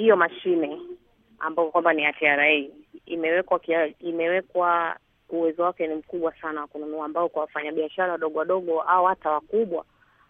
hiyo mashine ambayo kwamba ni ya TRA imewekwa imewekwa, uwezo wake ni mkubwa sana wa kununua, ambao kwa wafanyabiashara wadogo wadogo au hata wakubwa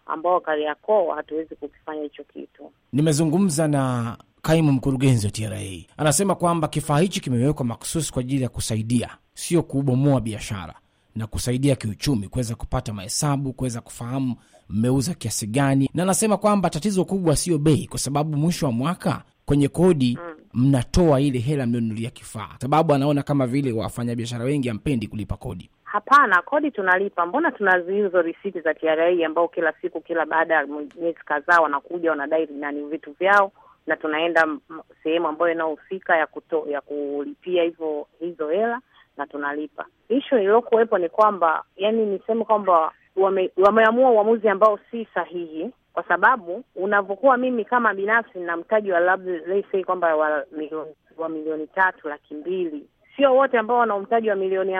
ambao Kariakoo hatuwezi kukifanya hicho kitu. Nimezungumza na kaimu mkurugenzi wa TRA, anasema kwamba kifaa hichi kimewekwa makhususi kwa ajili ya kusaidia, sio kubomoa biashara na kusaidia kiuchumi, kuweza kupata mahesabu, kuweza kufahamu mmeuza kiasi gani, na anasema kwamba tatizo kubwa sio bei, kwa sababu mwisho wa mwaka kwenye kodi mm. mnatoa ile hela mlionunulia kifaa, sababu anaona kama vile wafanyabiashara wengi ampendi kulipa kodi. Hapana, kodi tunalipa. Mbona tuna hizo risiti za TRA ambao kila siku, kila baada ya miezi kadhaa wanakuja wanadai nani vitu vyao, na tunaenda sehemu ambayo inayohusika ya kuto, ya kulipia hivyo hizo hela na tunalipa. Ishu iliyokuwepo ni kwamba yani niseme kwamba wame, wameamua uamuzi ambao si sahihi kwa sababu unavyokuwa mimi kama binafsi na mtaji wa labda lese kwamba wa milioni wa milioni tatu laki mbili, sio wote ambao wana mtaji wa milioni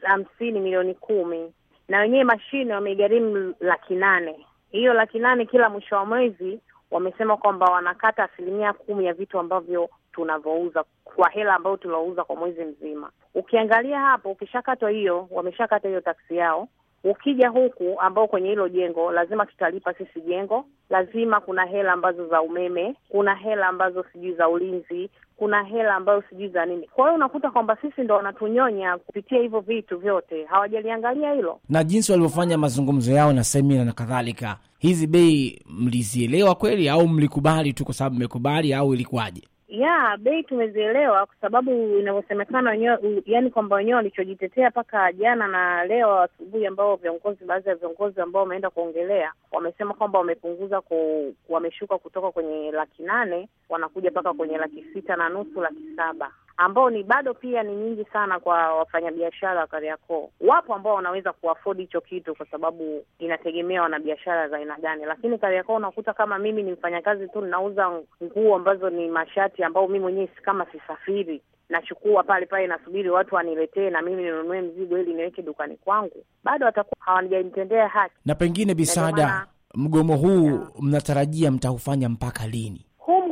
hamsini milioni kumi, na wenyewe mashine wameigharimu laki nane. Hiyo laki nane kila mwisho wa mwezi wamesema kwamba wanakata asilimia kumi ya vitu ambavyo tunavyouza kwa hela ambayo tunauza kwa mwezi mzima. Ukiangalia hapo, ukishakatwa hiyo, wameshakata hiyo taksi yao, Ukija huku ambao kwenye hilo jengo lazima tutalipa sisi jengo, lazima kuna hela ambazo za umeme, kuna hela ambazo sijui za ulinzi, kuna hela ambayo sijui za nini. Kwa hiyo unakuta kwamba sisi ndo wanatunyonya kupitia hivyo vitu vyote, hawajaliangalia hilo na jinsi walivyofanya mazungumzo yao na semina na kadhalika. Hizi bei mlizielewa kweli au mlikubali tu kwa sababu mmekubali, au ilikuwaje? ya bei tumezielewa kwa sababu inavyosemekana wenyewe, yani kwamba wenyewe walichojitetea mpaka jana na leo asubuhi, ambao viongozi, baadhi ya viongozi ambao wameenda kuongelea wamesema kwamba wamepunguza ku, wameshuka kutoka kwenye laki nane wanakuja mpaka kwenye laki sita na nusu, laki saba ambao ni bado pia ni nyingi sana kwa wafanyabiashara wa Kariakoo. Wapo ambao wanaweza kuafodi hicho kitu, kwa sababu inategemea wana biashara za aina gani, lakini Kariakoo unakuta kama mimi ni mfanyakazi tu, ninauza nguo ambazo ni mashati ambao mimi mwenyewe kama sisafiri nachukua pale pale, nasubiri watu waniletee na mimi ninunue mzigo ili niweke dukani kwangu, bado watakuwa hawanijamtendea haki. Na pengine Bisada, mgomo huu mnatarajia mtaufanya mpaka lini?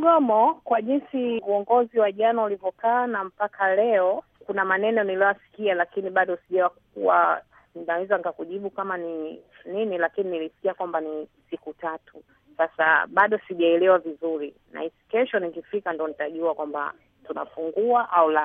mgomo, kwa jinsi uongozi wa jana ulivyokaa na mpaka leo, kuna maneno niliyoyasikia, lakini bado kuwa naweza nikakujibu kama ni nini, lakini nilisikia kwamba ni siku tatu. Sasa bado sijaelewa vizuri, na kesho nikifika ndo nitajua kwamba tunafungua au la.